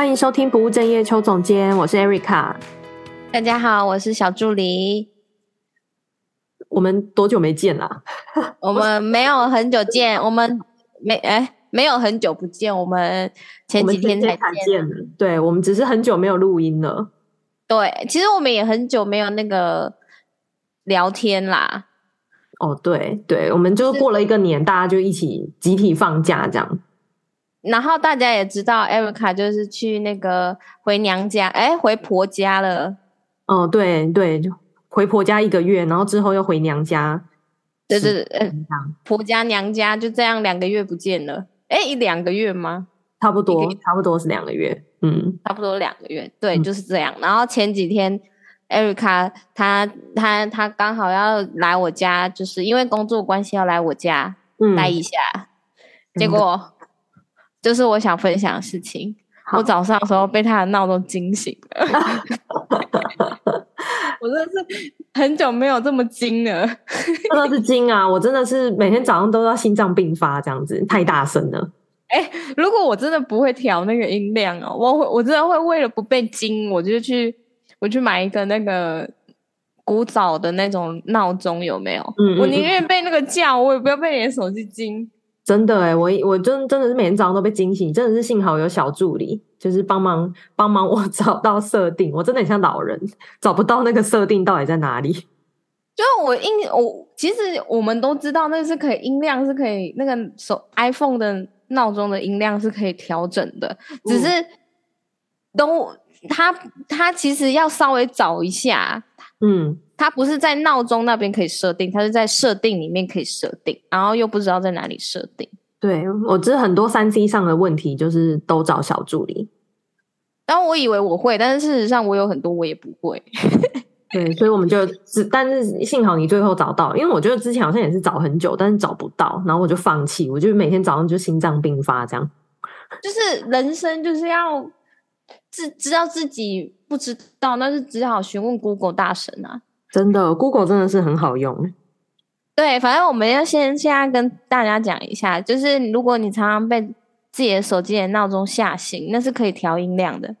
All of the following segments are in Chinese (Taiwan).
歡迎收聽《不務正業》邱總監，我是 Erica。大家好，我是小助理。我們多久沒見了？ 我們沒有很久見，我們沒，哎，沒有很久不見，我們前幾天才見，前天見，對，我們只是很久沒有錄音了。對，其實我們也很久沒有那個聊天啦。哦，對對，我們就過了一個年，是大家就一起集體放假這樣。然後大家也知道 Erica 就是去那個回娘家，哎，回婆家了。哦、嗯，對對，就回婆家一個月，然後之後又回娘家，就是婆家娘家就這樣兩個月不見了。哎，一兩個月嗎？差不多，差不多是兩個月。嗯,嗯，差不多兩個月，對，就是這樣。嗯、然後前幾天 Erica 她她她剛好要來我家，就是因為工作關係要來我家、嗯、待一下，結果。嗯就是我想分享的事情。好我早上的時候被他的鬧鐘驚醒了， 我真的是很久沒有這麼驚了。那 是驚啊！我真的是每天早上都要心臟病發，這樣子太大聲了。哎、欸，如果我真的不會調那個音量哦、喔，我會我真的會為了不被驚，我就去我去買一個那個古早的那種鬧鐘，有沒有？嗯嗯嗯。我寧願被那個叫，我也不要被你的手機驚。真的哎、欸，我我真真的是每天早上都被驚醒，真的是幸好有小助理，就是幫忙幫忙我找到設定。我真的很像老人，找不到那個設定到底在哪裡。就我音，我其實我們都知道，那是可以音量是可以那個手 iPhone 的鬧鐘的音量是可以調整的，嗯、只是我他他其實要稍微找一下，嗯。它不是在鬧鐘那邊可以設定，它是在設定裡面可以設定，然後又不知道在哪裡設定。對，我知很多三 C 上的問題就是都找小助理，然後我以為我會，但是事實上我有很多我也不會。 對，所以我們就只，但是幸好你最後找到，因為我覺得之前好像也是找很久，但是找不到，然後我就放棄，我就每天早上就心臟病發這樣。就是人生就是要自知道自己不知道，那就只好詢問 Google 大神啊！真的，Google 真的是很好用。對，反正我們要先現在跟大家講一下，就是如果你常常被自己的手機的鬧鐘嚇醒，那是可以調音量的。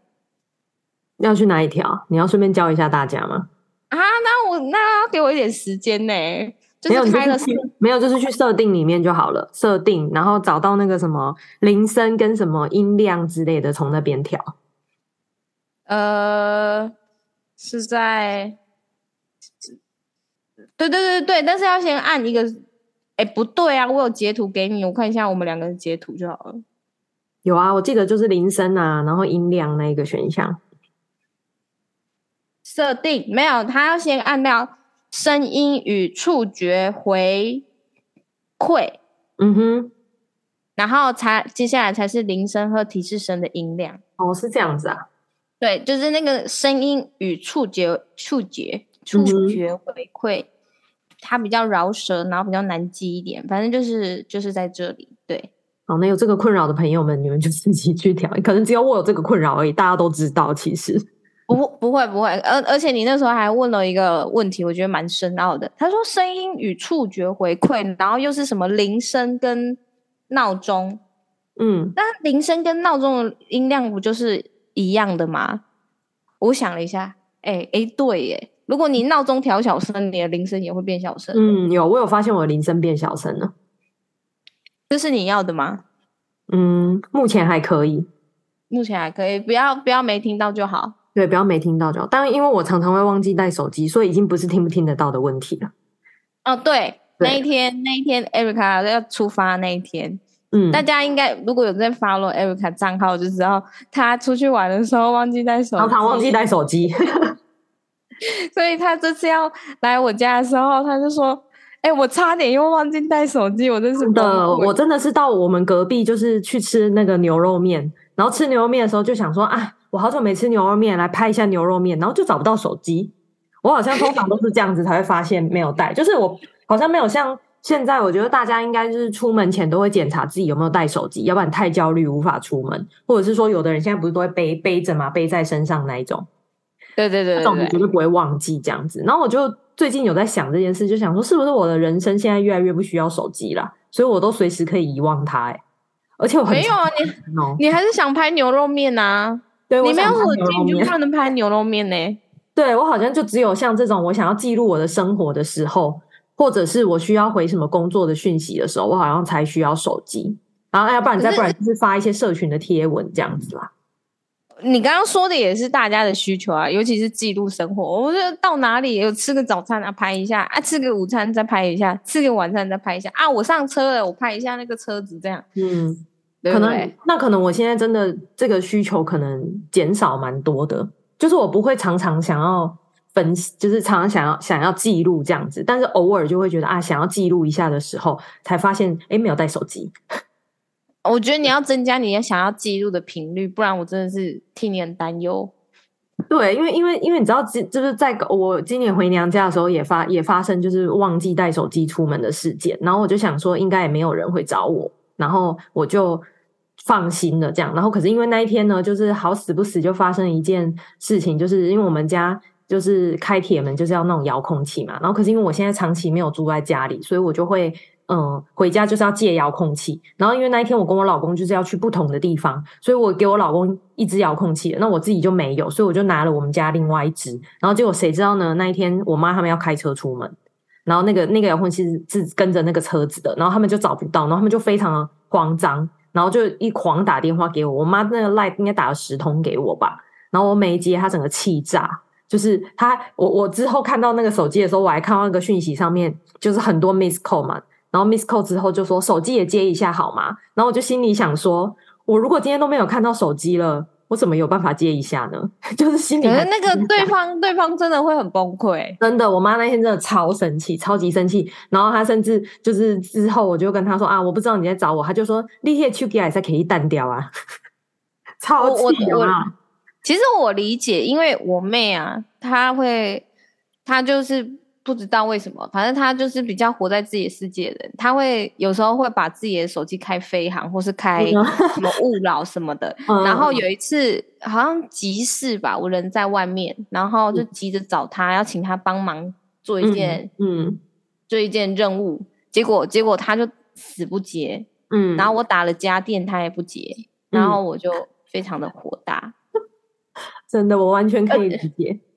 要去哪裡調？你要順便教一下大家嗎？啊，那我那要給我一點時間呢、欸有？沒有，就是沒有，就是去設定裡面就好了。設定，然後找到那個什麼鈴聲跟什麼音量之類的，從那邊調。呃，是在。對對對對，但是要先按一個，哎、欸，不對啊，我有截圖給你，我看一下我們兩個的截圖就好了。有啊，我記得就是鈴聲啊，然後音量那個選項，設定沒有，他要先按到聲音與觸覺回饋，嗯哼，然後才接下來才是鈴聲和提示聲的音量。哦，是這樣子啊，對，就是那個聲音與觸覺觸覺。觸覺回饋，嗯嗯，它比較繞舌，然後比較難記一點。反正就是就是在這裡。對，好、哦，那有這個困擾的朋友們，你們就自己去調。可能只有我有這個困擾而已。大家都知道，其實不不會不會。而、呃、而且你那時候還問了一個問題，我覺得蠻深奧的。他說聲音與觸覺回饋，然後又是什麼鈴聲跟鬧鐘？嗯，但鈴聲跟鬧鐘的音量不就是一樣的嗎？我想了一下，哎哎，對，耶。如果你鬧鐘調小聲，你的鈴聲也會變小聲。嗯，有，我有發現我的鈴聲變小聲了。這是你要的嗎？嗯，目前還可以，目前還可以，不要不要沒聽到就好。對，不要沒聽到就好。當然，因為我常常會忘記帶手機，所以已經不是聽不聽得到的問題了。哦，對，對那一天那一天，Erica 要出發那一天，嗯，大家應該如果有在 follow Erica 賬號就知道，他出去玩的時候忘記帶手機，常常忘記帶手機。 所以他這次要來我家的時候，他就說：“哎、欸，我差點又忘記帶手機。”我真是的，我真的是到我們隔壁，就是去吃那個牛肉麵，然後吃牛肉麵的時候就想說：“啊，我好久沒吃牛肉麵，來拍一下牛肉麵。”然後就找不到手機，我好像通常都是這樣子才會發現沒有帶， 就是我好像沒有像現在，我覺得大家應該就是出門前都會檢查自己有沒有帶手機，要不然太焦慮無法出門，或者是說有的人現在不是都會背背着嘛，背在身上那一種。對對對，這種絕對，對，對不，就不會忘記這樣子。然後我就最近有在想這件事，就想說是不是我的人生現在越來越不需要手機了、啊？所以我都隨時可以遺忘它。哎，而且我很、哦、沒有啊，你你還是想拍牛肉麵啊？對，你沒有手機你就不能拍牛肉麵呢、欸。對我好像就只有像這種我想要記錄我的生活的時候，或者是我需要回什麼工作的訊息的時候，我好像才需要手機。然後、哎、要不然你再不然就是發一些社群的貼文這樣子啦。你剛剛說的也是大家的需求啊，尤其是記錄生活。我覺得到哪裡有吃個早餐啊，拍一下啊；吃個午餐再拍一下，吃個晚餐再拍一下啊。我上車了，我拍一下那個車子這樣。嗯，對對，可能那可能我現在真的這個需求可能減少蠻多的，就是我不會常常想要分析，就是常常想要想要記錄這樣子，但是偶爾就會覺得啊，想要記錄一下的時候，才發現誒，沒有帶手機。我覺得你要增加你要想要記錄的頻率，不然我真的是替你很擔憂。對，因為因為因為你知道，就是在我今年回娘家的時候也發也發生，就是忘記帶手機出門的事件。然後我就想說，應該也沒有人會找我。然後我就放心的這樣。然後可是因為那一天呢，就是好死不死就發生了一件事情，就是因為我們家就是開鐵門就是要那種遙控器嘛。然後可是因為我現在長期沒有住在家裡，所以我就會。嗯，回家就是要借遙控器。然後因為那一天我跟我老公就是要去不同的地方，所以我給我老公一支遙控器，那我自己就沒有，所以我就拿了我們家另外一支。然後結果誰知道呢？那一天我媽他們要開車出門，然後那個那個遙控器是跟着那個車子的，然後他們就找不到，然後他們就非常的慌張，然後就一狂打電話給我。我媽那個 LINE 應該打了十通給我吧，然後我沒接，他整個氣炸。就是他，我我之後看到那個手機的時候，我還看到一個訊息上面就是很多 miss call 嘛。然後 Miss Co 之後就說：“手機也接一下好嗎？”然後我就心裡想說：“我如果今天都沒有看到手機了，我怎麼有辦法接一下呢？”就是心裡得。可能那個對方 對方真的會很崩潰。真的，我媽那天真的超生氣，超級生氣。然後她甚至就是之後，我就跟她說：“啊，我不知道你在找我。”她就說：“立刻去給還是可以淡掉啊。”超級生氣啊！其實我理解，因為我妹啊，她會，她就是。不知道為什麼，反正他就是比較活在自己的世界的人。他會有時候會把自己的手機開飛行，或是開什麼勿擾什麼的。 嗯、然後有一次好像急事吧，我人在外面，然後就急着找他，嗯、要請他幫忙做一件，嗯，嗯做一件任務。結果結果他就死不接，嗯，然後我打了家電，他也不接，然後我就非常的火大，嗯、 真的，我完全可以直接。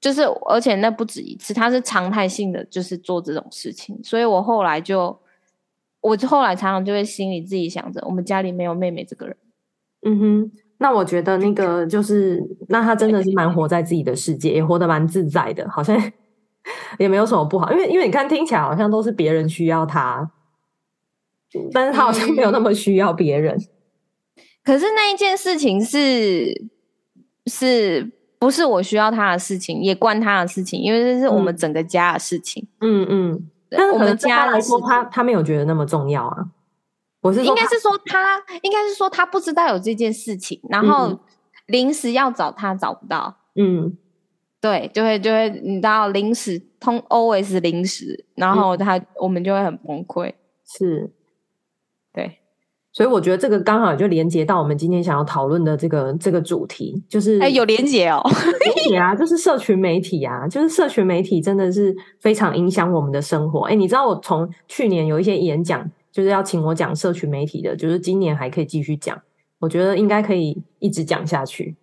就是，而且那不止一次，他是常態性的，就是做這種事情。所以我後來就，我就後來常常就會心裡自己想着，我們家裡沒有妹妹這個人。嗯哼，那我覺得那個就是，那他真的是蠻活在自己的世界，對對對，也活得蠻自在的，好像也沒有什麼不好。因為因為你看，聽起來好像都是別人需要他，但是他好像沒有那麼需要別人。嗯，可是那一件事情是是。不是我需要他的事情，也關他的事情，因為這是我們整個家的事情。嗯嗯，嗯嗯對但是我們家來說，他他沒有覺得那麼重要啊。我是應該是說他， 他應該是說他不知道有這件事情，然後臨時要找他找不到。嗯，嗯，對，就會就會你知道臨時通 always 臨時，然後他、嗯、我們就會很崩潰。是，對。所以我覺得這個剛好就連接到我們今天想要討論的這個這個主題，就是哎、欸、有連接哦，連接啊，就是社群媒體啊，就是社群媒體真的是非常影響我們的生活。哎、欸，你知道我從去年有一些演講，就是要請我講社群媒體的，就是今年還可以繼續講，我覺得應該可以一直講下去。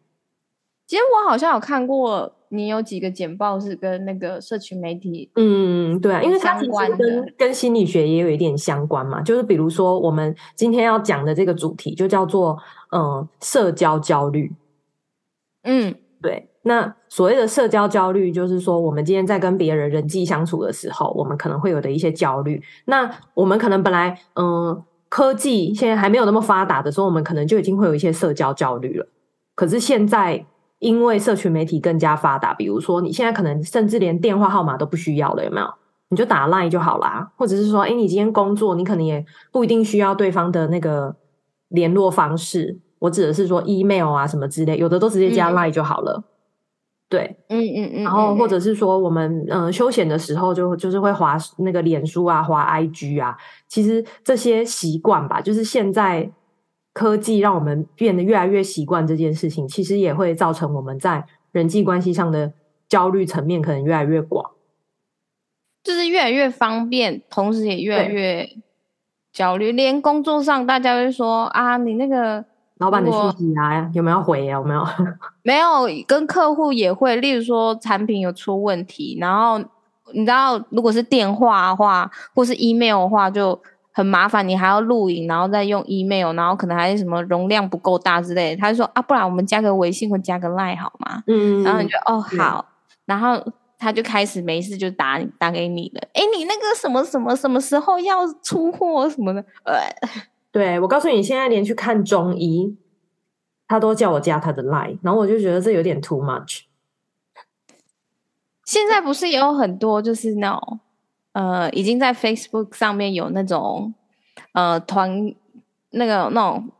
其實我好像有看過。你有幾個簡報是跟那個社群媒體？嗯，對啊，因為它其實跟跟心理學也有一點相關嘛。就是比如說，我們今天要講的這個主題就叫做嗯、呃，社交焦慮。嗯，對。那所謂的社交焦慮，就是說我們今天在跟別人人際相處的時候，我們可能會有的一些焦慮。那我們可能本來嗯、呃，科技現在還沒有那麼發達的時候，我們可能就已經會有一些社交焦慮了。可是現在。因為社群媒體更加發達，比如說你現在可能甚至連電話號碼都不需要了，有沒有？你就打 line 就好啦，或者是說，哎，你今天工作，你可能也不一定需要對方的那個聯絡方式。我指的是說 email 啊什麼之類，有的都直接加 line 就好了。嗯、對，嗯嗯嗯。嗯嗯，然後或者是說，我們嗯、呃、休閒的時候就就是會滑那個臉書啊，滑 IG 啊。其實這些習慣吧，就是現在。科技讓我們變得越來越習慣這件事情，其實也會造成我們在人際關係上的焦慮層面可能越來越廣，就是越來越方便，同時也越來越對焦慮。連工作上，大家會說啊，你那個老闆的信息啊，有沒有回，有沒有？沒有。跟客戶也會，例如說產品有出問題，然後你知道，如果是電話的話，或是 email 的話，就。很麻煩，你還要錄影，然後再用 email，然後可能還是什麼容量不夠大之類的。他就說啊，不然我們加個微信或加個 line 好嗎？嗯，然後你就哦、嗯、好，然後他就開始沒事就打打給你了。哎、欸，你那個什麼什麼什麼時候要出貨什麼的？呃， 對，我告訴你，你現在連去看中醫，他都叫我加他的 line，然後我就覺得這有點 too much。現在不是也有很多就是那種。呃，已經在 Facebook 上面有那種，呃，團那個那種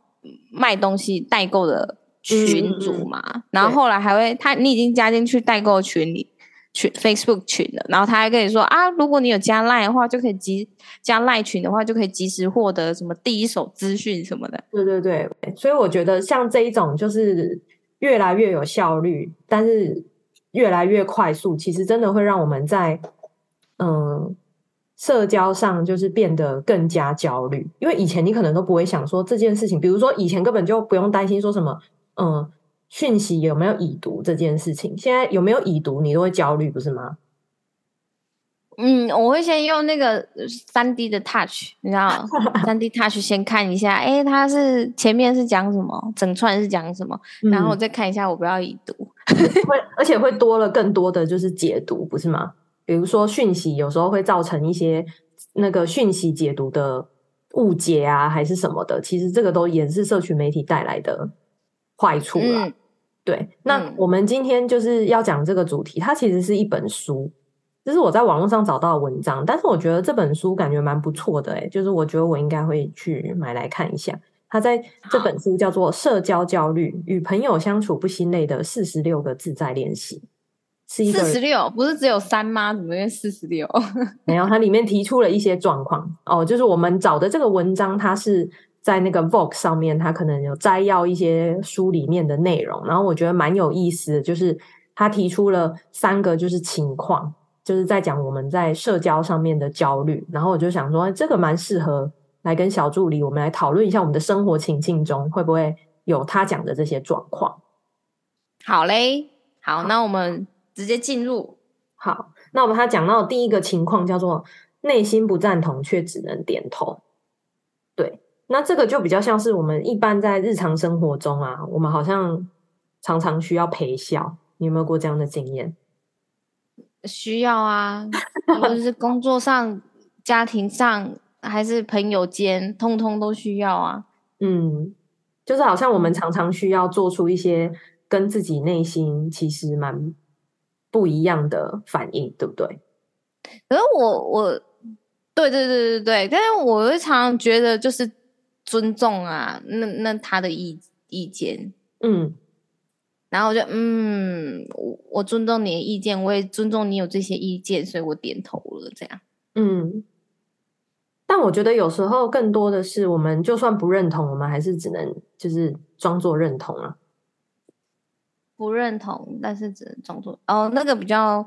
賣東西代購的群組嘛。嗯嗯嗯、然後後來還會對他你已經加進去代購群裡群，Facebook 群了。然後他還跟你說啊，如果你有加 Line 的話，就可以即，加 Line 群的話，就可以及時獲得什麼第一手資訊什麼的。對對對，所以我覺得像這一種就是越來越有效率，但是越來越快速，其實真的會讓我們在嗯。社交上就是變得更加焦慮，因為以前你可能都不會想說這件事情，比如說以前根本就不用擔心說什麼，嗯，訊息有沒有已讀這件事情，現在有沒有已讀你都會焦慮，不是嗎？嗯，我會先用那個三 D 的 Touch，你知道嗎？三 D Touch 先看一下，哎、 欸，它是前面是講什麼，整串是講什麼，嗯、然後我再看一下，我不要已讀，會 而且會多了更多的就是解讀，不是嗎？比如說訊息有時候會造成一些那個訊息解讀的誤解啊，還是什麼的，其實這個都也是社群媒體帶來的壞處了。嗯、對，那我們今天就是要講這個主題，它其實是一本書，這是我在網絡上找到的文章，但是我覺得這本書感覺蠻不錯的，哎，就是我覺得我應該會去買來看一下。它在這本書叫做《社交焦慮與朋友相處不心累的四十六個自在練習》。四十六不是只有三嗎？怎麼變四十六？沒有，它裡面提出了一些狀況哦，就是我們找的這個文章，它是在那個 Vox 上面，它可能有摘要一些書裡面的內容，然後我覺得蠻有意思的，的就是它提出了三個就是情況，就是在講我們在社交上面的焦慮，然後我就想說這個蠻適合來跟小助理我們來討論一下我們的生活情境中會不會有他講的這些狀況。好嘞，好，那我們。直接進入。好，那我們他講到的第一個情況叫做內心不贊同卻只能點頭，對，那這個就比較像是我們一般在日常生活中啊，我們好像常常需要陪笑，你有沒有過這樣的經驗？需要啊，無論是工作上、 家庭上還是朋友間，通通都需要啊。嗯，就是好像我們常常需要做出一些跟自己內心其實蠻。不一樣的反應，對不對？可是我，我對，對，對，對，對，但是我會常常覺得就是尊重啊，那那他的意意見，嗯，然後我就嗯，我我尊重你的意見，我也尊重你有這些意見，所以我點頭了，這樣。嗯，但我覺得有時候更多的是，我們就算不認同，我們還是只能就是裝作認同了啊。不認同，但是只能裝作哦。那個比較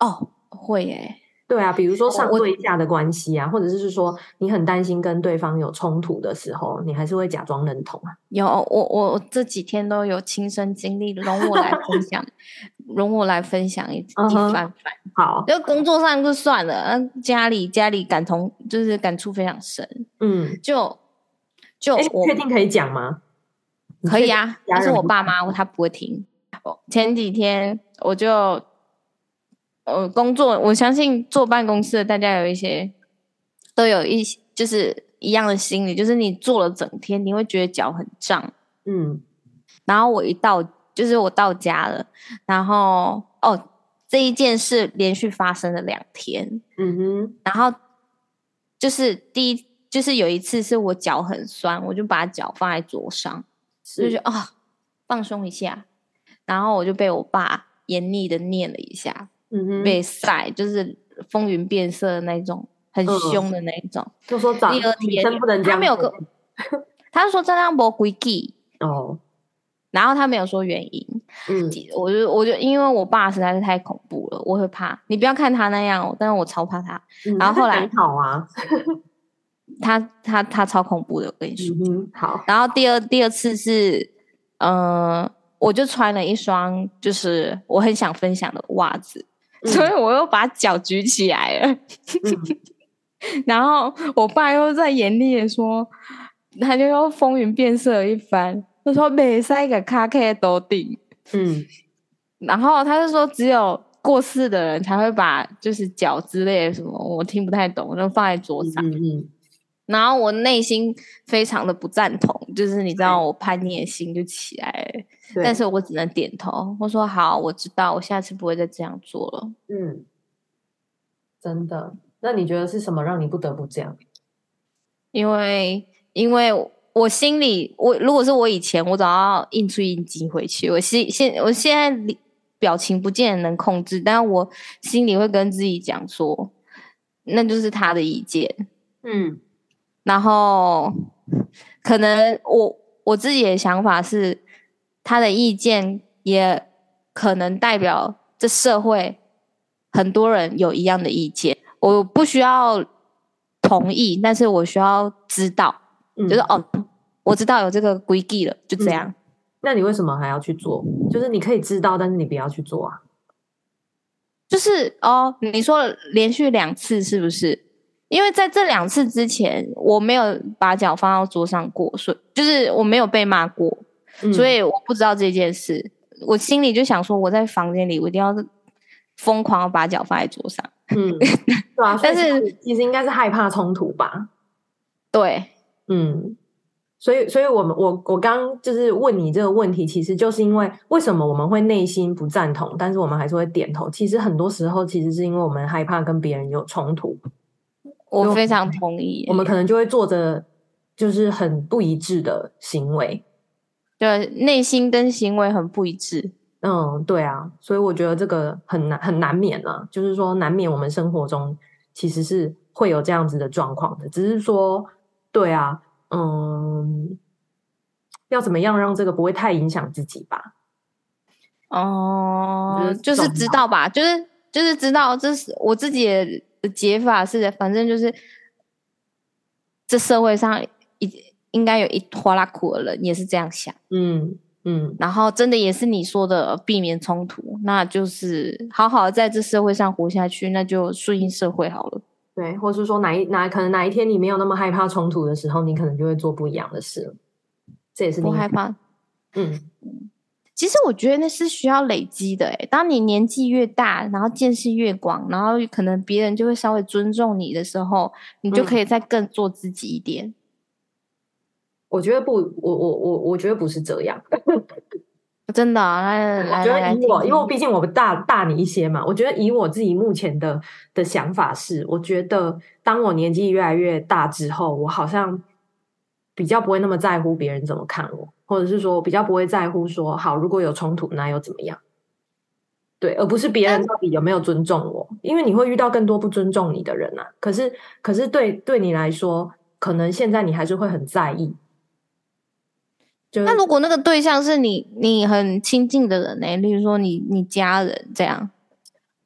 哦，會耶、欸。對啊，比如說上對下的關係啊，我或者是說你很擔心跟對方有衝突的時候，你還是會假裝認同啊。有，我我這幾天都有親身經歷，容我來分享， 容我來分享一、uh-huh, 一番,番。好，就工作上就算了，嗯，家裡家裡感同就是感觸非常深，嗯，就就我，欸，你確定可以講嗎？講可以啊，但是我爸媽他不會聽。我前幾天我就，呃，工作，我相信坐辦公室的大家有一些，都有一，就是一樣的心理，就是你坐了整天，你會覺得腳很脹，嗯，然後我一到，就是我到家了，然後哦，這一件事連續發生了兩天，嗯哼，然後就是第一，就是有一次是我腳很酸，我就把腳放在桌上，所以是就啊、哦，放鬆一下。然後我就被我爸嚴厲的念了一下，被曬，就是風雲變色的那種，很凶的那種。就說長第二天不能這樣，他沒有跟，他是說這張不規矩哦。然後他沒有說原因，嗯，我就我就因為我爸實在是太恐怖了，我會怕。你不要看他那樣，但是我超怕他。然後後來好啊，他他他超恐怖的，我跟你說。好，然後第二第二次是，嗯。我就穿了一雙，就是我很想分享的襪子，嗯、所以我又把腳舉起來了。嗯、 然後我爸又在嚴厲的說，他就又風雲變色了一番，他說每塞一個咖啡都定。嗯，然後他就說只有過世的人才會把就是腳之類的什麼，我聽不太懂，就放在桌上，嗯嗯嗯然後我內心非常的不贊同，就是你知道，我叛逆的心就起來了。對。但是我只能點頭，我說好，我知道，我下次不會再這樣做了。嗯，真的。那你覺得是什麼讓你不得不這樣？因為，因為我心裡，我如果是我以前，我早要硬出硬擠回去。我心現我現在表情不見得能控制，但我心裡會跟自己講說，那就是他的意見。嗯。然後，可能我我自己的想法是，他的意見也可能代表這社會很多人有一樣的意見。我不需要同意，但是我需要知道，嗯、就是哦，我知道有這個規矩了，就這樣、嗯。那你為什麼還要去做？就是你可以知道，但是你不要去做啊。就是哦，你說連續兩次是不是？因為在這兩次之前，我沒有把腳放到桌上過，所以就是我沒有被罵過，嗯、所以我不知道這件事。我心裡就想說，我在房間裡，我一定要瘋狂把腳放在桌上。嗯， 但是、對啊、其實應該是害怕衝突吧？對，嗯。所以，所以我，我們我我剛就是問你這個問題，其實就是因為為什麼我們會內心不贊同，但是我們還是會點頭？其實很多時候，其實是因為我們害怕跟別人有衝突。我非常同意，我們可能就會做着，就是很不一致的行為，對，內心跟行為很不一致。嗯，對啊，所以我覺得這個很難很難免了，啊，就是說難免我們生活中其實是會有這樣子的狀況的，只是說，對啊，嗯，要怎麼樣讓這個不會太影響自己吧？哦，嗯，就是知道吧，就是就是知道，這是我自己。解法是的，反正就是這社會上應該有一拖拉庫的人也是這樣想，嗯嗯，嗯然後真的也是你說的避免衝突，那就是好好在這社會上活下去，那就順應社會好了。對，或是說哪一哪可能哪一天你沒有那麼害怕衝突的時候，你可能就會做不一樣的事。這也是你害怕，嗯。其實我覺得那是需要累積的，哎，當你年紀越大，然後見識越廣，然後可能別人就會稍微尊重你的時候，你就可以再更做自己一點。嗯，我覺得不，我我我我覺得不是這樣， 真的啊，來，我覺得以我，聽聽，因為我畢竟我大大你一些嘛，我覺得以我自己目前的的想法是，我覺得當我年紀越來越大之後，我好像比較不會那麼在乎別人怎麼看我。或者是說我比較不會在乎說，好，如果有衝突，那又怎麼樣？對，而不是別人到底有沒有尊重我？那因為你會遇到更多不尊重你的人啊。可是，可是對對你來說，可能現在你還是會很在意。就是、那如果那個對象是你，你很親近的人呢、欸？例如說你，你家人這樣，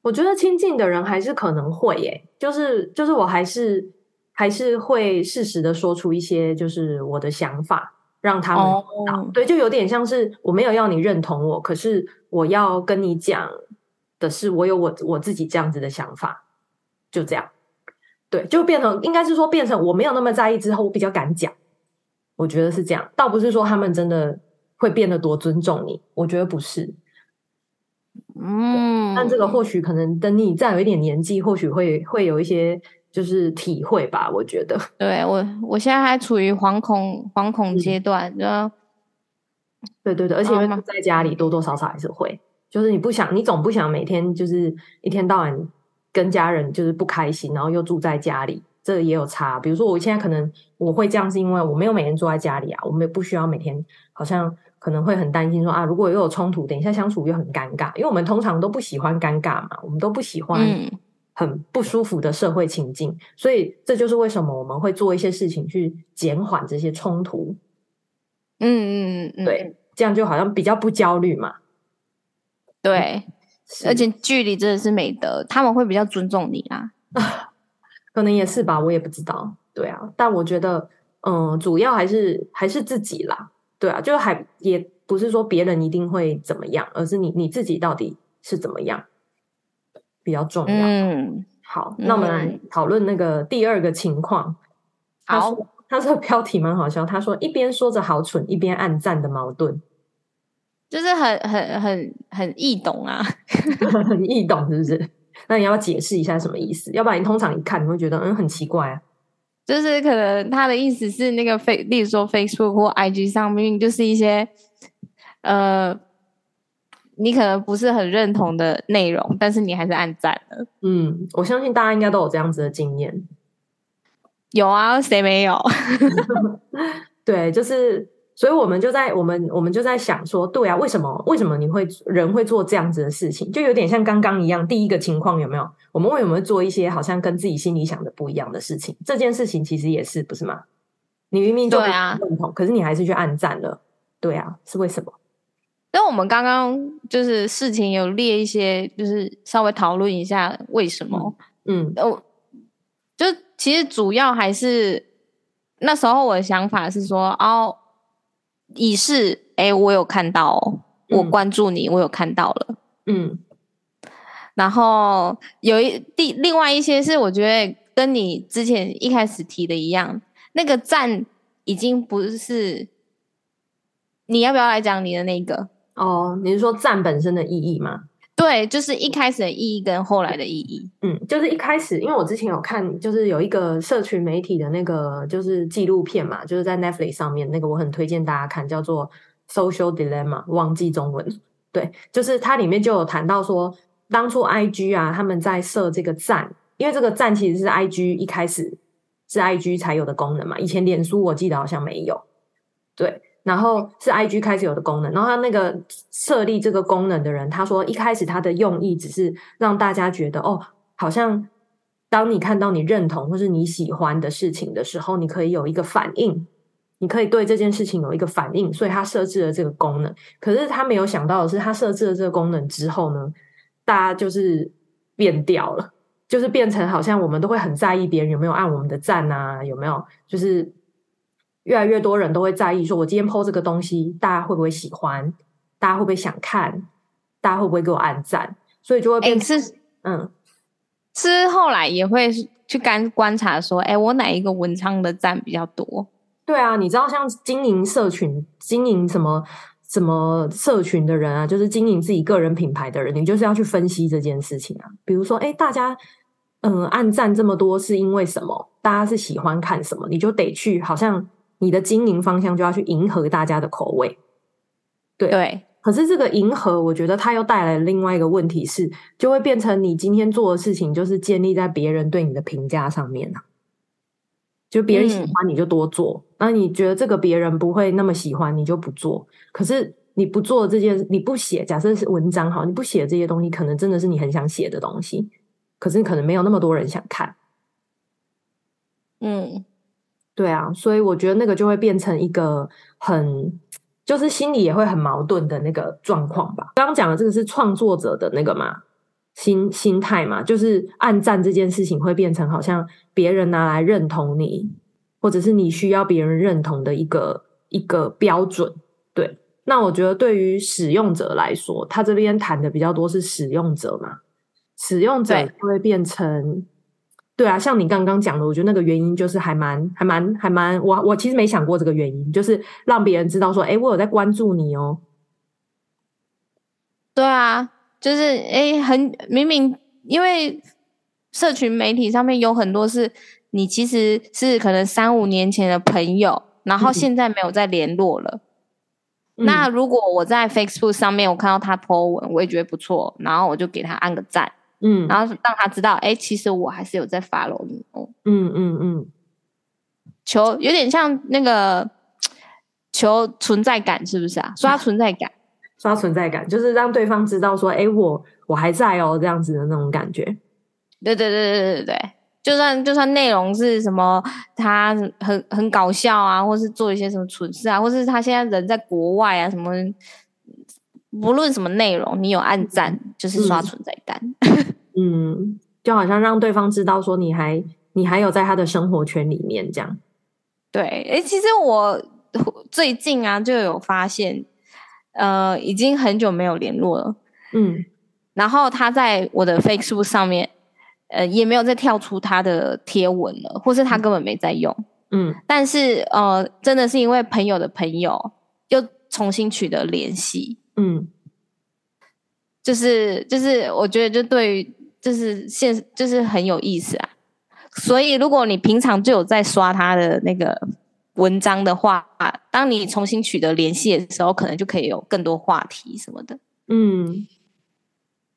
我覺得親近的人還是可能會耶、欸。就是就是我還是還是會適時的說出一些就是我的想法。讓他們、oh. 對，就有點像是我沒有要你認同我，可是我要跟你講的是，我有我我自己這樣子的想法，就這樣。對，就變成應該是說，變成我沒有那麼在意之後，我比較敢講。我覺得是這樣，倒不是說他們真的會變得多尊重你，我覺得不是。嗯，mm. 但這個或許可能等你再有一點年紀，或許會會有一些。就是體會吧，我覺得。對我，我現在還處於惶恐惶恐階段。是就對，對，對，而且因為在家裡多多少少還是會。嗯、就是你不想，你總不想每天就是一天到晚跟家人就是不開心，然後又住在家裡，這也有差。比如說，我現在可能我會這樣，是因為我沒有每天住在家裡啊，我們也不需要每天好像可能會很擔心說啊，如果又有衝突，等一下相處又很尷尬，因為我們通常都不喜歡尷尬嘛，我們都不喜歡、嗯。很不舒服的社會情境，所以這就是為什麼我們會做一些事情去減緩這些衝突。嗯嗯嗯，嗯對，這樣就好像比較不焦慮嘛。對，嗯、而且距離真的是美德，他們會比較尊重你啦，啊。可能也是吧，我也不知道。對啊，但我覺得，嗯、呃，主要還是還是自己啦。對啊，就還也不是說別人一定會怎麼樣，而是你你自己到底是怎麼樣比較重要。嗯，好，那我們來討論那個第二個情況。嗯、他說好，他這個標題蠻好笑。他說一邊說着好蠢，一邊按讚的矛盾，就是很很很很易懂啊， 很易懂，是不是？那你要解釋一下什麼意思，要不然你通常一看你會覺得嗯很奇怪啊。就是可能他的意思是那個飛，例如說 Facebook 或 IG 上面，就是一些呃。你可能不是很認同的內容，但是你還是按讚了。嗯，我相信大家應該都有這樣子的經驗。有啊，誰沒有？ 對，就是，所以我們就在我們我們就在想說，對啊，為什麼為什麼你會人會做這樣子的事情？就有點像剛剛一樣，第一個情況有沒有？我們為什麼會有沒有做一些好像跟自己心裡想的不一樣的事情？這件事情其實也是不是嗎？你明明就不認同，對啊，可是你還是去按讚了。對啊，是為什麼？那我們剛剛就是事情有列一些，就是稍微討論一下為什麼，嗯，哦，就其實主要還是那時候我的想法是說，哦，以示，誒、欸，我有看到，哦，嗯、我關注你，我有看到了，嗯，嗯然後有一第另外一些是我覺得跟你之前一開始提的一樣，那個讚已經不是，你要不要來講你的那個？哦，你是說讚本身的意義嗎？對，就是一開始的意義跟後來的意義。嗯，就是一開始，因為我之前有看，就是有一個社群媒體的那個就是紀錄片嘛，就是在 Netflix 上面那個，我很推薦大家看，叫做《Social Dilemma》，忘記中文。對，就是它裡面就有談到說，當初 IG 啊，他們在設這個讚，因為這個讚其實是 IG 一開始是 IG 才有的功能嘛，以前臉書我記得好像沒有。對。然後是 IG 開始有的功能，然後他那個設立這個功能的人，他說一開始他的用意只是讓大家覺得哦，好像當你看到你認同或是你喜歡的事情的時候，你可以有一個反應，你可以對這件事情有一個反應，所以他設置了這個功能。可是他沒有想到的是，他設置了這個功能之後呢，大家就是變掉了，就是變成好像我們都會很在意別人有沒有按我們的讚啊，有沒有就是。越來越多人都會在意，說我今天 po 這個東西，大家會不會喜歡？大家會不會想看？大家會不會給我按讚？所以就會變成、欸、是嗯，是後來也會去觀觀察說，說、欸、哎，我哪一個文章的讚比較多？對啊，你知道像經營社群、經營什麼什麼社群的人啊，就是經營自己個人品牌的人，你就是要去分析這件事情啊。比如說，哎、欸，大家嗯、呃、按讚這麼多是因為什麼？大家是喜歡看什麼？你就得去好像。你的經營方向就要去迎合大家的口味，對，對。可是這個迎合，我覺得它又帶來另外一個問題是，就會變成你今天做的事情就是建立在別人對你的評價上面啊。就別人喜歡你就多做，那，嗯，你覺得這個別人不會那麼喜歡，你就不做。可是你不做這件，你不寫，假設是文章哈，你不寫這些東西，可能真的是你很想寫的東西，可是可能沒有那麼多人想看。嗯。對啊，所以我覺得那個就會變成一個很，就是心裡也會很矛盾的那個狀況吧。剛剛講的這個是創作者的那個嘛，心心態嘛，就是按讚這件事情會變成好像別人拿來認同你，或者是你需要別人認同的一個一個標準。對，那我覺得對於使用者來說，他這邊談的比較多是使用者嘛，使用者就會變成。對啊，像你剛剛講的，我覺得那個原因就是還蠻、還蠻、還蠻……我我其實沒想過這個原因，就是讓別人知道說，哎，我有在關注你哦。對啊，就是哎，很明明因為社群媒體上面有很多是，你其實是可能三五年前的朋友，然後現在沒有再聯絡了。嗯嗯，那如果我在 Facebook 上面我看到他 po 文，我也覺得不錯，然後我就給他按個讚。嗯，然後讓他知道，哎，其實我還是有在 follow 你哦。嗯嗯嗯，嗯嗯求有點像那個求存在感，是不是啊？刷存在感，刷、啊、刷存在感，就是讓對方知道說，哎，我我還在哦，這樣子的那種感覺。對對對對對對對，就算就算內容是什麼，他很很搞笑啊，或是做一些什麼蠢事啊，或是他現在人在國外啊，什麼。不論什麼內容，你有按讚就是刷存在感，嗯。嗯，就好像讓對方知道說你還你還有在他的生活圈裡面這樣。對，哎，欸，其實我最近啊就有發現，呃，已經很久沒有聯絡了。嗯，然後他在我的 Facebook 上面，呃，也沒有再跳出他的貼文了，或是他根本沒在用。嗯，但是呃，真的是因為朋友的朋友又重新取得聯繫。嗯、就是，就是就是，我覺得就對於就是現就是很有意思啊。所以如果你平常就有在刷他的那個文章的話，當你重新取得聯繫的時候，可能就可以有更多話題什麼的。嗯，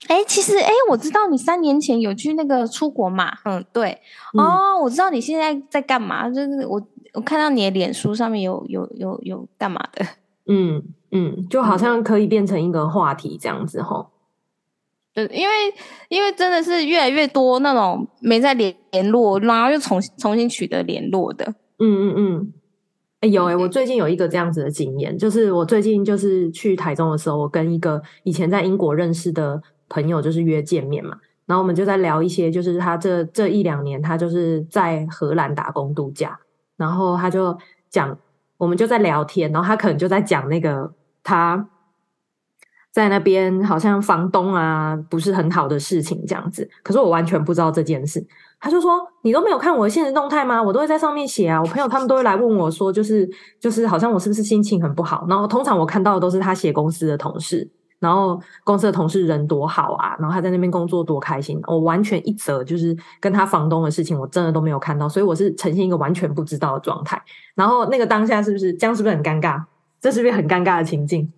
哎、欸，其實哎、欸，我知道你三年前有去那個出國嘛？嗯，對。哦、嗯，oh, 我知道你現在在幹嘛？就是我我看到你的臉書上面有有有有幹嘛的？嗯。嗯，就好像可以變成一個話題這樣子哦、嗯。對，因為因為真的是越來越多那種沒在聯絡，然後又重新重新取得聯絡的。嗯嗯嗯，哎、嗯欸、有哎、欸，我最近有一個這樣子的經驗，對對對，就是我最近就是去台中的時候，我跟一個以前在英國認識的朋友，就是約見面嘛，然後我們就在聊一些，就是他這這一兩年他就是在荷蘭打工度假，然後他就講，我們就在聊天，然後他可能就在講那個。他在那邊好像房東啊，不是很好的事情這樣子。可是我完全不知道這件事。他就說：“你都沒有看我的限時動態嗎？我都會在上面寫啊。我朋友他們都會來問我說，就是，就是就是，好像我是不是心情很不好？然後通常我看到的都是他寫公司的同事，然後公司的同事人多好啊，然後他在那邊工作多開心。我完全一則就是跟他房東的事情，我真的都沒有看到，所以我是呈現一個完全不知道的狀態。然後那個當下是不是這樣？是不是很尷尬？”這是不是很尷尬的情境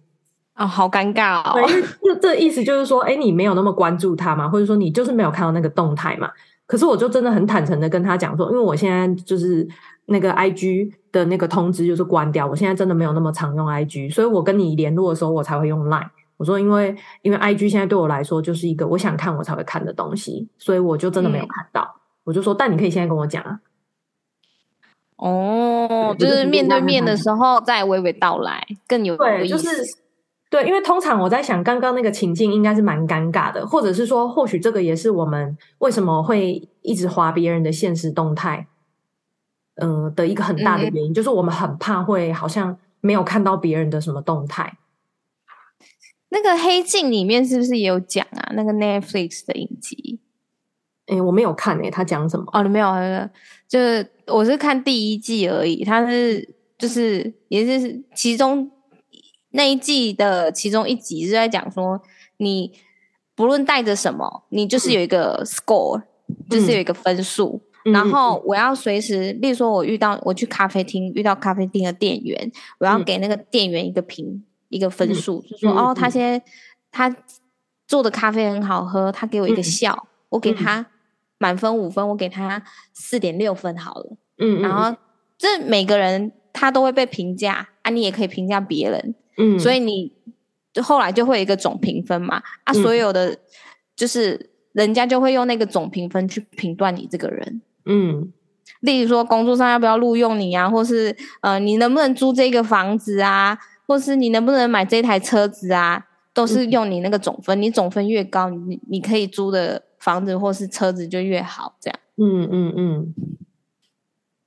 啊、哦？好尷尬哦！對，這意思就是說，哎、欸，你沒有那麼關注他嘛，或者說你就是沒有看到那個動態嘛。可是我就真的很坦誠的跟他講說，因為我現在就是那個 IG 的那個通知就是關掉，我現在真的沒有那麼常用 IG，所以我跟你聯絡的時候我才會用 Line。我說，因為因為 IG 現在對我來說就是一個我想看我才會看的東西，所以我就真的沒有看到。嗯、我就說，但你可以現在跟我講啊。哦，oh, 對就是面對面的時候再娓娓道來，更有意思對、就是。對，因為通常我在想，剛剛那個情境應該是蠻尷尬的，或者是說，或許這個也是我們為什麼會一直滑別人的現實動態，嗯、呃、的一個很大的原因，嗯、就是我們很怕會好像沒有看到別人的什麼動態。那個黑鏡裡面是不是也有講啊？那個 Netflix 的影集？誒、欸，我沒有看誒、欸、他講什麼？哦，你沒、沒有，就是我是看第一季而已。他是就是也是其中那一季的其中一集是在講說，你不論帶着什麼，你就是有一個 score，嗯、就是有一個分數。嗯、然後我要隨時，例如說，我遇到我去咖啡廳遇到咖啡廳的店員，我要給那個店員一個評、嗯、一個分數，嗯、就說哦，他現在他做的咖啡很好喝，他給我一個笑，嗯、我給他。嗯滿分五分，我給他四點六分好了。嗯，然後這每個人他都會被評價啊，你也可以評價別人。嗯，所以你就後來就會有一個總評分嘛。啊，所有的就是人家就會用那個總評分去評斷你這個人。嗯，例如說工作上要不要錄用你啊，或是呃你能不能租這個房子啊，或是你能不能買這台車子啊，都是用你那個總分。你總分越高，你你可以租的。房子或是車子就越好，這樣。嗯嗯嗯，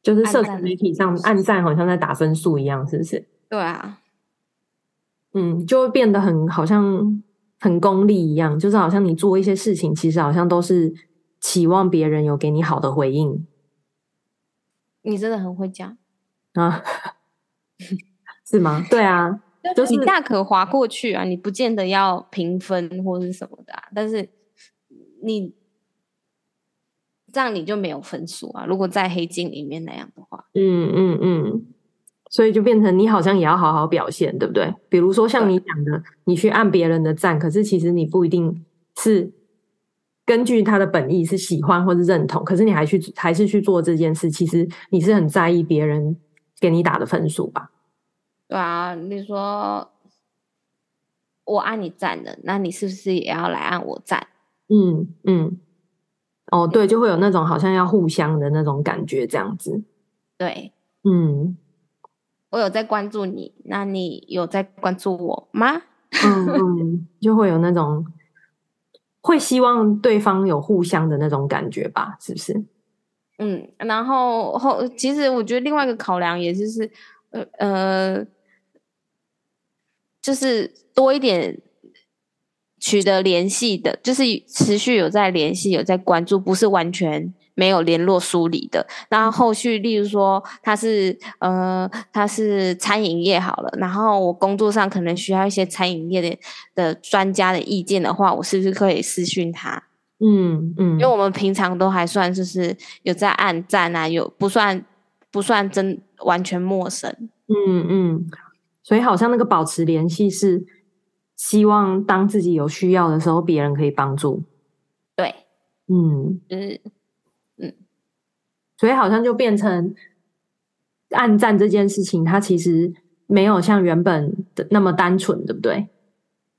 就是社交媒體上按讚、就是、好像在打分數一樣，是不是？對啊。嗯，就會變得很好像很功利一樣，就是好像你做一些事情，其實好像都是期望別人有給你好的回應。你真的很會講啊？ 是嗎？ 對啊，就是，就是你大可滑過去啊，你不見得要評分或是什麼的，啊，但是。你這樣你就沒有分數啊！如果在黑鏡裡面那樣的話，嗯嗯嗯，所以就變成你好像也要好好表現，對不對？比如說像你講的，對你去按別人的贊，可是其實你不一定是根據他的本意是喜歡或是認同，可是你還去還是去做這件事，其實你是很在意別人給你打的分數吧？對啊，你說我按你贊的，那你是不是也要來按我贊？嗯嗯，哦對，就會有那種好像要互相的那種感覺，這樣子。對，嗯，我有在關注你，那你有在關注我嗎？ 嗯嗯，就會有那種，會希望對方有互相的那種感覺吧？是不是？嗯，然後後其實我覺得另外一個考量也就是，呃呃，就是多一點。取得聯繫的，就是持續有在聯繫、有在關注，不是完全沒有聯絡梳理的。然後後續，例如說他是呃，他是餐飲業好了，然後我工作上可能需要一些餐飲業的的專家的意見的話，我是不是可以私訊他？嗯嗯，嗯，因為我們平常都還算就是有在按讚啊，有不算不算真完全陌生。嗯嗯，所以好像那個保持聯繫是。希望當自己有需要的時候，別人可以幫助。對嗯、就是，嗯，嗯嗯，所以好像就變成按讚這件事情，它其實沒有像原本的那麼單純，對不對？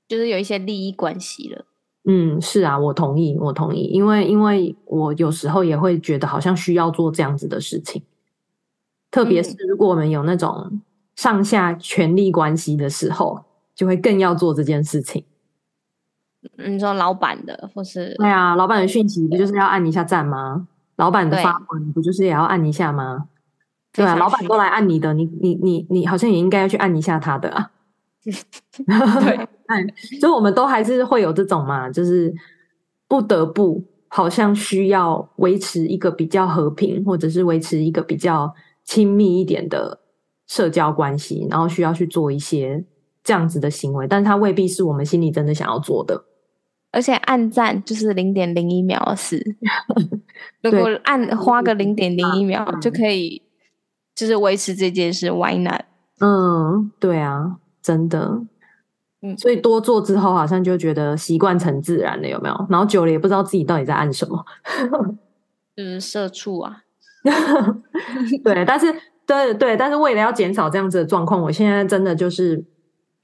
就是有一些利益關係了。嗯，是啊，我同意，我同意。因為，因為我有時候也會覺得，好像需要做這樣子的事情，特別是如果我們有那種上下權力關係的時候。嗯就會更要做這件事情。你說老板的，或是對啊，老板的訊息不就是要按一下讚嗎？對老板的發文不就是也要按一下嗎？對，對啊，老板都來按你的，你你你你好像也應該要去按一下他的啊。 對，所以 我們都還是會有這種嘛，就是不得不好像需要維持一個比較和平，或者是維持一個比較親密一點的社交關係，然後需要去做一些。這樣子的行為，但是他未必是我們心裡真的想要做的，而且按贊就是零點零一秒的事 對如果按花個零點零一秒就可以，就是維持這件事，嗯、Why not？嗯，對啊，真的，嗯，所以多做之後，好像就覺得習慣成自然了，有沒有？然後久了也不知道自己到底在按什麼，就是社畜啊， 對，但是對對，但是為了要減少這樣子的狀況，我現在真的就是。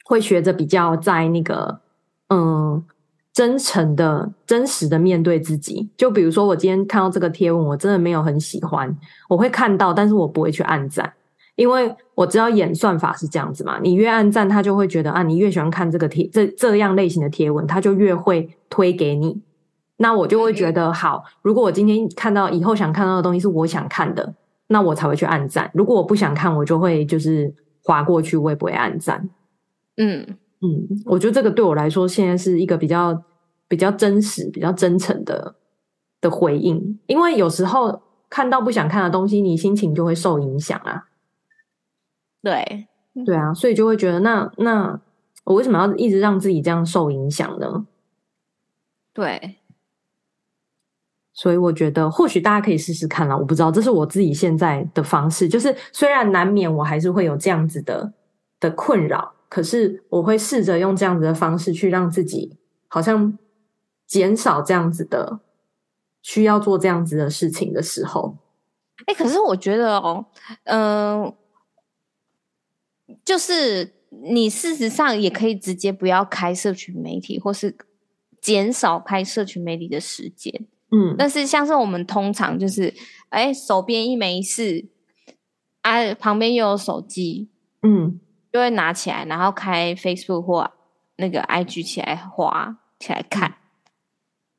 會學着比較在那個嗯真誠的、真實的面對自己。就比如說，我今天看到這個貼文，我真的沒有很喜歡。我會看到，但是我不會去按讚，因為我知道演算法是這樣子嘛。你越按讚，他就會覺得啊，你越喜歡看這個貼這這樣類型的貼文，他就越會推給你。那我就會覺得好。如果我今天看到以後想看到的東西是我想看的，那我才會去按讚。如果我不想看，我就會就是滑過去，我也不會按讚。嗯嗯，我覺得這個對我來說現在是一個比較比較真實、比較真誠的的回應，因為有時候看到不想看的東西，你心情就會受影響啊。對對啊，所以就會覺得，那那我為什麼要一直讓自己這樣受影響呢？對，所以我覺得或許大家可以試試看啦。我不知道，這是我自己現在的方式，就是雖然難免，我還是會有這樣子的的困擾。可是我會試着用這樣子的方式去讓自己好像減少這樣子的需要做這樣子的事情的時候，哎、欸，可是我覺得哦，嗯、呃，就是你事實上也可以直接不要開社群媒體，或是減少開社群媒體的時間，嗯。但是像是我們通常就是，哎、欸，手邊一沒事啊，旁邊又有手機，嗯。就會拿起來，然後開 Facebook 或那個 IG 起來滑起來看。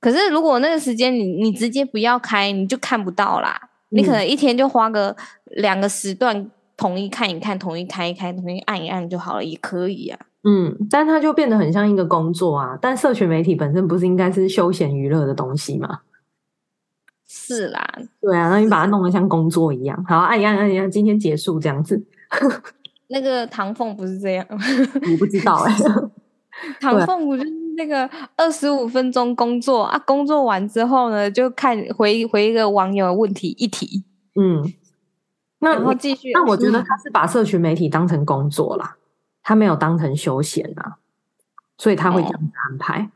可是如果那個時間你你直接不要開，你就看不到啦。嗯，你可能一天就花個兩個時段，統一看一看，統一開一開，統一按一按就好了，也可以啊。嗯，但它就變得很像一個工作啊。但社群媒體本身不是應該是休閒娛樂的東西嗎？是啦，對啊，那你把它弄得像工作一樣，是好按一按按一按，今天結束這樣子。 那個唐鳳不是這樣， 我不知道哎、欸。 唐鳳，不就是那個二十五分鐘工作啊，啊，工作完之後呢？就看回回一個網友問題一題，嗯，那然後繼續。那我覺得他是把社群媒體當成工作啦，嗯、他沒有當成休閒啊，所以他會這樣安排。嗯、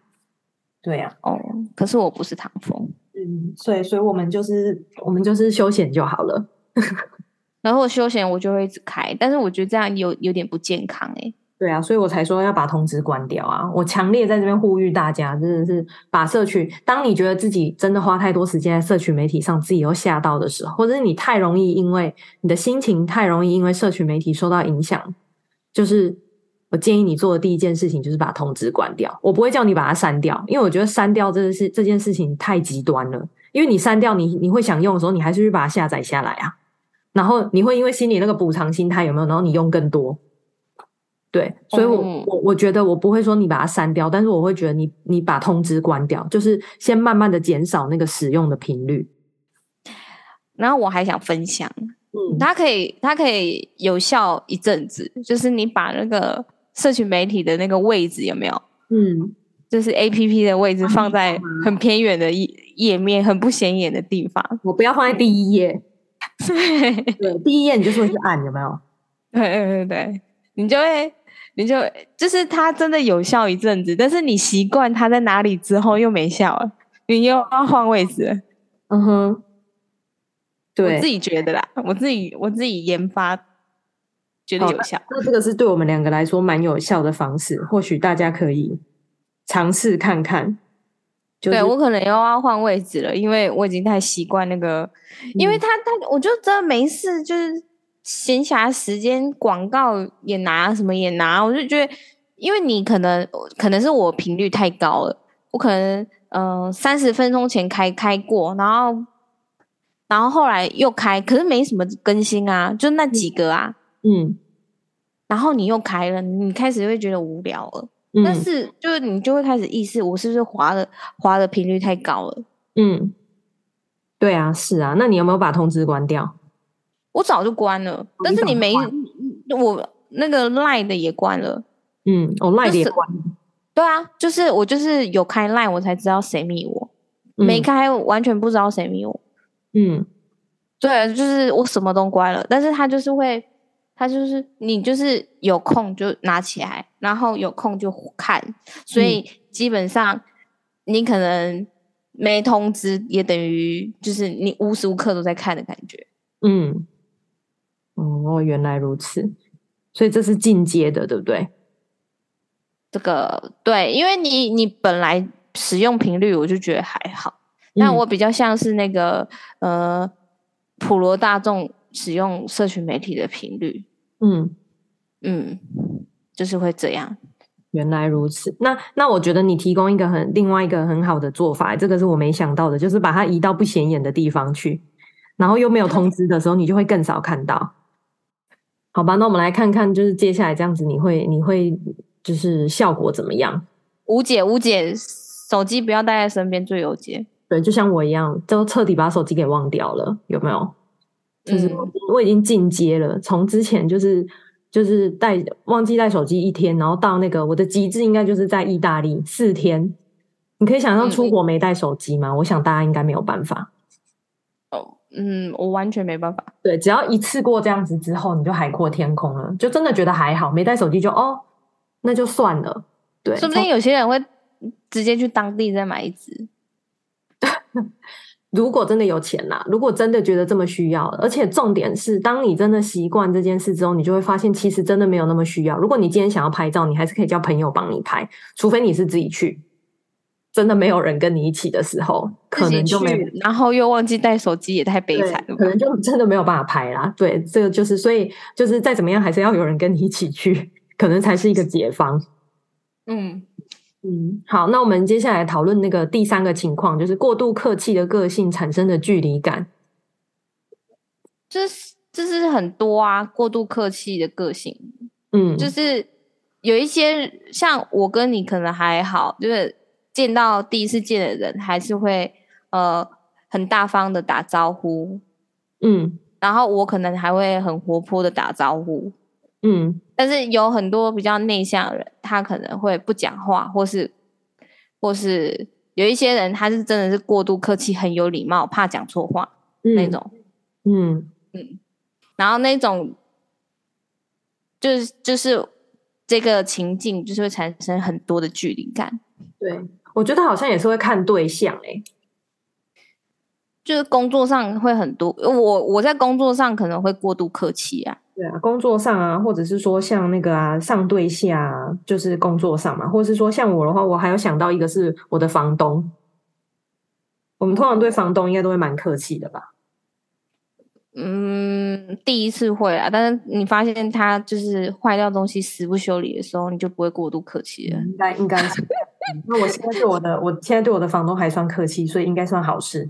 對呀、啊，哦，可是我不是唐鳳，嗯，所以所以我們就是我們就是休閒就好了。 然後休閒我就會一直開，但是我覺得這樣有有點不健康哎、欸。對啊，所以我才說要把通知關掉啊！我強烈在這邊呼籲大家，真的是把社群。當你覺得自己真的花太多時間在社群媒體上，自己又嚇到的時候，或者是你太容易因為你的心情太容易因為社群媒體受到影響，就是我建議你做的第一件事情就是把通知關掉。我不會叫你把它刪掉，因為我覺得刪掉這件事這件事情太極端了。因為你刪掉你你會想用的時候，你還是去把它下載下來啊。然後你會因為心裡那個補償心態有沒有？然後你用更多，對，所以我，嗯、我我我覺得我不會說你把它刪掉，但是我會覺得你你把通知關掉，就是先慢慢的減少那個使用的頻率。然後我還想分享，嗯，它可以它可以有效一陣子，就是你把那個社群媒體的那個位置有沒有？嗯，就是 APP 的位置放在很偏遠的頁頁面啊、很不顯眼的地方，我不要放在第一頁。嗯 對，第一頁你就說是按，有沒有？對對對對，你就會，你就就是它真的有效一陣子，但是你習慣它在哪裡之後，又沒效了，你又要換位置。嗯哼，對我自己覺得啦，我自己我自己研發，覺得有效。哦，那這個是對我們兩個來說蠻有效的方式，或許大家可以嘗試看看。就是、對，我可能又要換位置了，因為我已經太習慣那個，嗯、因為他他，我就真的沒事，就是閒暇時間廣告也拿，什麼也拿，我就覺得，因為你可能可能是我頻率太高了，我可能嗯三十分鐘前開開過，然後然後後來又開，可是沒什麼更新啊，就那幾個啊，嗯，然後你又開了，你開始會覺得無聊了。但是，嗯、就是你就會開始意識，我是不是滑的滑的頻率太高了？嗯，對啊，是啊。那你有沒有把通知關掉？我早就關了。早早關。但是你沒，我那個 line 的也關了。嗯、就是、哦，line 的也關了、就是。對啊，就是我就是有開 line，我才知道誰密我；沒、嗯、開，完全不知道誰密我。嗯，對，就是我什麼都關了，但是他就是會。他就是你，就是有空就拿起來，然後有空就看，所以基本上你可能沒通知，也等於就是你無時無刻都在看的感覺嗯。嗯，哦，原來如此，所以這是進階的，對不對？這個對，因為你你本來使用頻率，我就覺得還好，但我比較像是那個、嗯、呃普羅大眾使用社群媒體的頻率。嗯嗯，就是會這樣。原來如此。那那我覺得你提供一個很另外一個很好的做法，這個是我沒想到的，就是把它移到不顯眼的地方去，然後又沒有通知的時候，你就會更少看到。 好吧，那我們來看看，就是接下來這樣子，你會你會就是效果怎麼樣？無解無解，手機不要帶在身邊，最有解。對，就像我一樣，都徹底把手機給忘掉了，有沒有？就是我已經進階了，從、嗯、之前就是就是帶忘記帶手機一天，然後到那個我的極致應該就是在意大利四天，你可以想象出國沒帶手機嗎？嗯、我想大家應該沒有辦法。哦，嗯，我完全沒辦法。對，只要一次過這樣子之後，你就海闊天空了，就真的覺得還好，沒帶手機就哦，那就算了。對，說不定有些人會直接去當地再買一支。 如果真的有錢吶，如果真的覺得這麼需要，而且重點是，當你真的習慣這件事之後，你就會發現其實真的沒有那麼需要。如果你今天想要拍照，你還是可以叫朋友幫你拍，除非你是自己去，真的沒有人跟你一起的時候，可能就沒。然後又忘記帶手機，也太悲慘了，可能就真的沒有辦法拍啦。對，這個就是，所以就是再怎麼樣，還是要有人跟你一起去，可能才是一個解方。嗯。嗯，好，那我們接下來討論那個第三個情況，就是過度客氣的個性產生的距離感。這是這是很多啊，過度客氣的個性，嗯，就是有一些像我跟你可能還好，就是見到第一次見的人，還是會呃很大方的打招呼，嗯，然後我可能還會很活潑的打招呼。嗯，但是有很多比較內向的人，他可能會不講話，或是或是有一些人，他是真的是過度客氣，很有禮貌，怕講錯話，嗯，那種。嗯嗯，然後那種就是就是這個情境，就是會產生很多的距離感。對，我覺得好像也是會看對象哎、欸，就是工作上會很多，我我在工作上可能會過度客氣啊。對啊，工作上啊，或者是說像那個啊上對下啊，就是工作上嘛，或者是說像我的話，我還有想到一個是我的房東。我們通常對房東應該都會蠻客氣的吧？嗯，第一次會啊，但是你發現他就是壞掉東西死不修理的時候，你就不會過度客氣了。應該應該是， 那我現在對我的，我現在對我的房東還算客氣，所以應該算好事。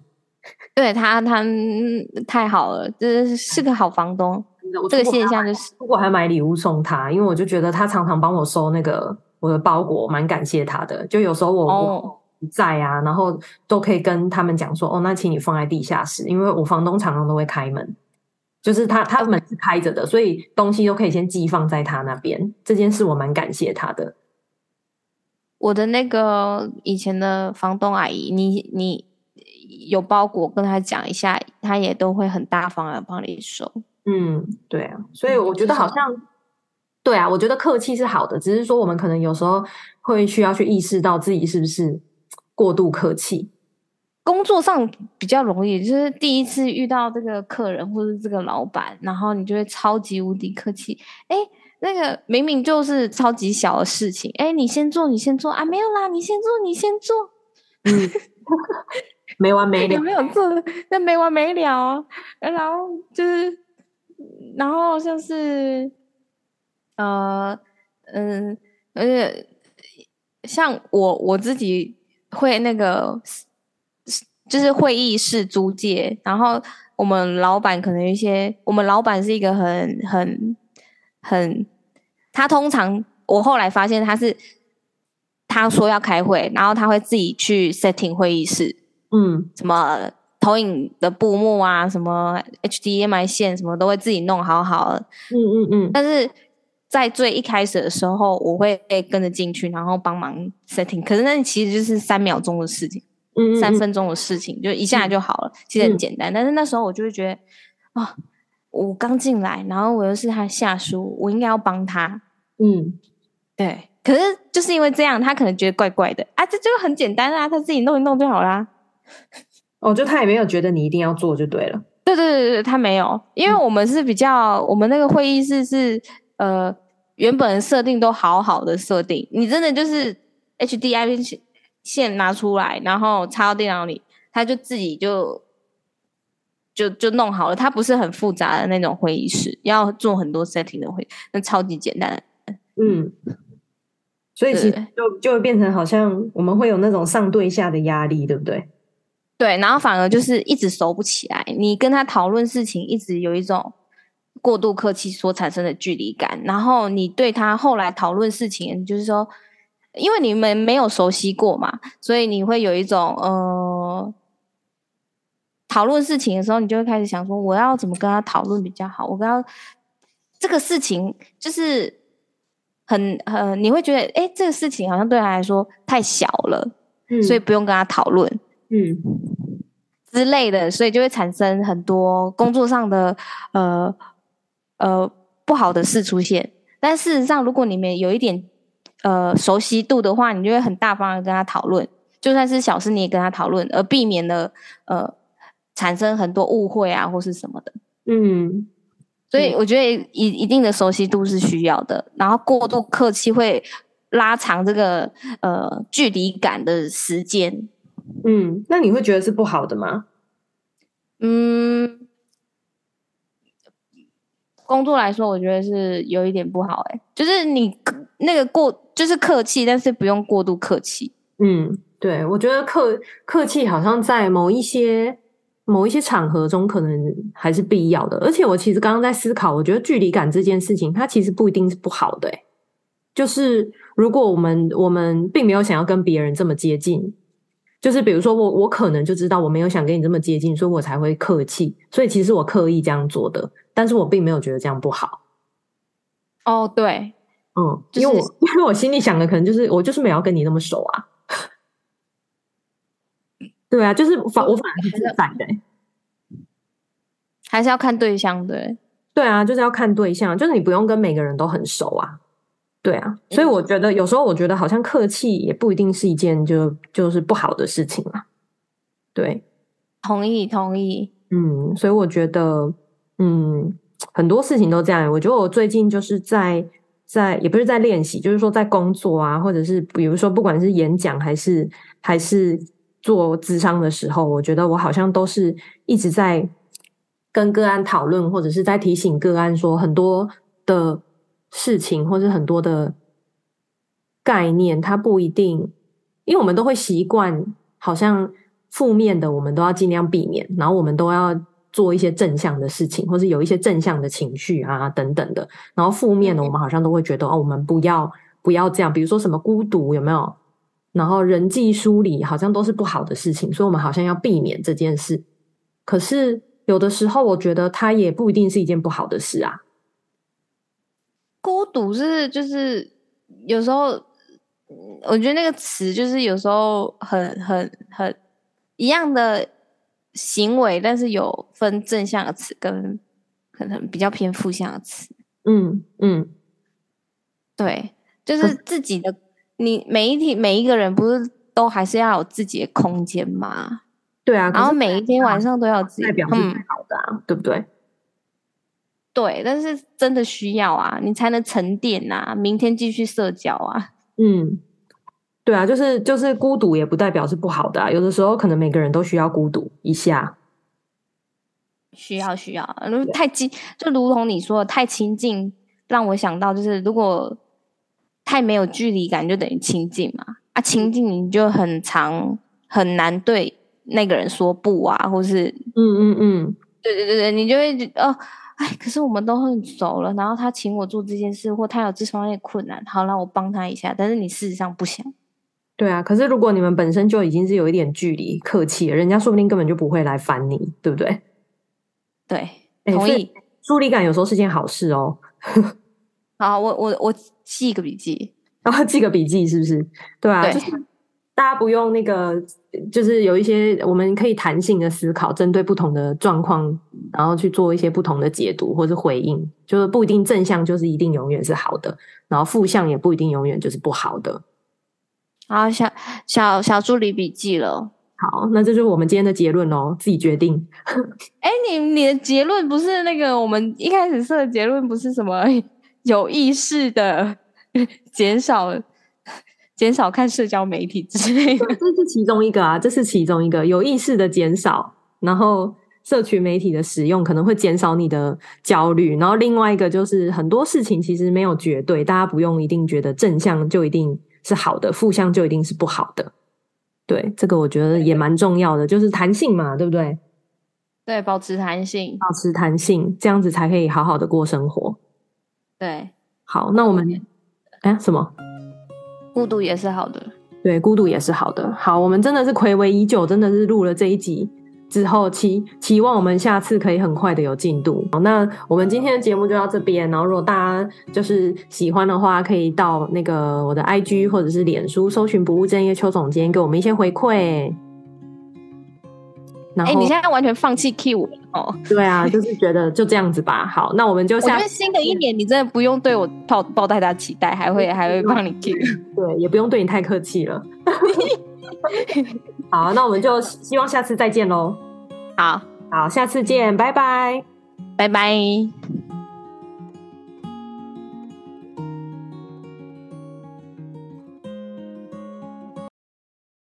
對他他、嗯、太好了，這、就是、是個好房東。嗯這個現象就是，我還買禮物送他，因為我就覺得他常常幫我收那個我的包裹，我蠻感謝他的。就有時候我、哦、我不在啊，然後都可以跟他們講說，哦，那請你放在地下室，因為我房東常常都會開門，就是他他門是開着的，哦、所以東西都可以先寄放在他那邊。這件事我蠻感謝他的。我的那個以前的房東阿姨，你你有包裹跟他講一下，他也都會很大方的幫你收。嗯，對啊，所以我覺得好像，嗯、對啊，對啊，我覺得客氣是好的，只是說我們可能有時候會需要去意識到自己是不是過度客氣。工作上比較容易，就是第一次遇到這個客人或者這個老板，然後你就會超級無敵客氣。哎，那個明明就是超級小的事情，哎，你先做，你先做啊，沒有啦，你先做，你先做， 沒完沒了，沒有做，那沒完沒了，然後就是。然後像是，呃，嗯，而且像我我自己會那個，就是會議室租借。然後我們老闆可能有一些，我們老闆是一個很很很，他通常我後來發現他是他說要開會，然後他會自己去 setting 會議室，嗯，什麼。投影的布幕啊，什麼 HDMI 線什麼都會自己弄好好的。嗯嗯嗯。但是在最一開始的時候，我會跟着進去，然後幫忙 setting。可是那其實就是三秒鐘的事情，嗯，嗯，嗯，三分鐘的事情就一下就好了，嗯、其實很簡單。但是那時候我就會覺得，哦，我剛進來，然後我又是他下屬，我應該要幫他。嗯，對。可是就是因為這樣，他可能覺得怪怪的。啊，這就很簡單啊，他自己弄一弄就好啦、啊。哦，就他也沒有覺得你一定要做就對了。對對對對，他沒有，因為我們是比較、嗯、我們那個會議室是呃原本設定都好好的設定，你真的就是 H D I P 線拿出來，然後插到電腦裡，它就自己就就就弄好了。它不是很複雜的那種會議室，要做很多 setting 的會，那超級簡單。嗯，所以其實就就會變成好像我們會有那種上對下的壓力，對不對？對，然後反而就是一直熟不起來。你跟他討論事情，一直有一種過度客氣所產生的距離感。然後你對他後來討論事情，就是說，因為你們沒有熟悉過嘛，所以你會有一種呃，討論事情的時候，你就會開始想說，我要怎麼跟他討論比較好？我跟他這個事情就是很很，你會覺得哎，這個事情好像對他來說太小了，所以不用跟他討論。嗯嗯，之類的，所以就會產生很多工作上的呃呃不好的事出現。但事實上，如果你們有一點呃熟悉度的話，你就會很大方的跟他討論，就算是小事你也跟他討論，而避免了呃產生很多誤會啊或是什麼的。嗯，嗯，所以我覺得一一定的熟悉度是需要的，然後過度客氣會拉長這個呃距離感的時間。嗯，那你會覺得是不好的嗎？嗯，工作來說，我覺得是有一點不好、欸。誒，就是你那個過，就是客氣，但是不用過度客氣。嗯，對，我覺得客客氣好像在某一些某一些場合中，可能還是必要的。而且我其實剛剛在思考，我覺得距離感這件事情，它其實不一定是不好的、欸。就是如果我們我們並沒有想要跟別人這麼接近。就是比如說我，我可能就知道我沒有想跟你這麼接近，所以我才會客氣，所以其實我刻意這樣做的，但是我並沒有覺得這樣不好。哦，對，嗯，就是、因為我因為我心裡想的可能就是我就是沒有要跟你那麼熟啊。對啊，就是我反、嗯、我反而是自在的、欸，還是要看對象對、欸。對啊，就是要看對象，就是你不用跟每個人都很熟啊。對啊，所以我覺得有時候我覺得好像客氣也不一定是一件就就是不好的事情嘛。對，同意同意。同意，嗯，所以我覺得嗯，很多事情都這樣。我覺得我最近就是在在也不是在練習，就是說在工作啊，或者是比如說不管是演講還是還是做諮商的時候，我覺得我好像都是一直在跟個案討論，或者是在提醒個案說很多的。事情，或是很多的概念，它不一定，因為我們都會習慣，好像負面的，我們都要盡量避免，然後我們都要做一些正向的事情，或是有一些正向的情緒啊，等等的。然後負面的，我們好像都會覺得哦，我們不要不要這樣，比如說什麼孤獨有沒有？然後人際疏離好像都是不好的事情，所以我們好像要避免這件事。可是有的時候，我覺得它也不一定是一件不好的事啊。孤獨是就是有時候，我覺得那個詞就是有時候很很很一樣的行為，但是有分正向的詞跟可能比較偏負向的詞，嗯。嗯嗯，對，就是自己的是你，每一天每一個人不是都還是要有自己的空間嗎？對啊，然後每一天晚上都要自己嗯、啊、好的、啊，嗯、對不對？對，但是真的需要啊，你才能沉澱啊。明天繼續社交啊。嗯，對啊，就是就是孤獨也不代表是不好的啊。有的時候可能每個人都需要孤獨一下。需要需要，如果太近，對就如同你說的，太親近，讓我想到就是，如果太沒有距離感，就等於親近嘛。啊，親近你就很常，很難對那個人說不啊，或是嗯嗯嗯，對對對你就會哦。哎，可是我們都很熟了，然後他請我做這件事，或他有這方面困難，好讓我幫他一下。但是你事實上不想，對啊。可是如果你們本身就已經是有一點距離，客氣了，人家說不定根本就不會來煩你，對不對？對，同意。欸，所以，疏離感有時候是件好事哦。 好，我我我記一個筆記，然後記個筆記，哦，記個筆記是不是？對啊。對就是大家不用那個，就是有一些我們可以彈性的思考，針對不同的狀況，然後去做一些不同的解讀或者回應，就是不一定正向，就是一定永遠是好的，然後負向也不一定永遠就是不好的。好，小小小助理筆記了。好，那這就是我們今天的結論哦，自己決定。哎、 欸，你你的結論不是那個我們一開始設的結論不是什麼有意識的減少？減少看社交媒體之類的，這是其中一個啊，這是其中一個，有意識的減少，然後社群媒體的使用可能會減少你的焦慮。然後另外一個就是很多事情其實沒有絕對，大家不用一定覺得正向就一定是好的，負向就一定是不好的。對，這個我覺得也蠻重要的，就是彈性嘛，對不對？對，保持彈性，保持彈性，這樣子才可以好好的過生活。對，好，那我們，哎，什麼？孤獨也是好的，對，孤獨也是好的。好，我們真的是暌違已久，真的是錄了這一集之後，期期望我們下次可以很快的有進度。好，那我們今天的節目就到這邊。然後，如果大家就是喜歡的話，可以到那個我的 I G 或者是臉書，搜尋不務正業邱總監，給我們一些回饋。然後，哎、欸，你現在完全放棄 Q？哦，對啊，就是覺得就這樣子吧。好，那我們就下次。我覺得新的一年你真的不用對我抱抱太大期待，還會還會幫你 Cue，對，也不用對你太客氣了。 好，那我們就希望下次再見嘍。好好，下次見，拜拜，拜拜。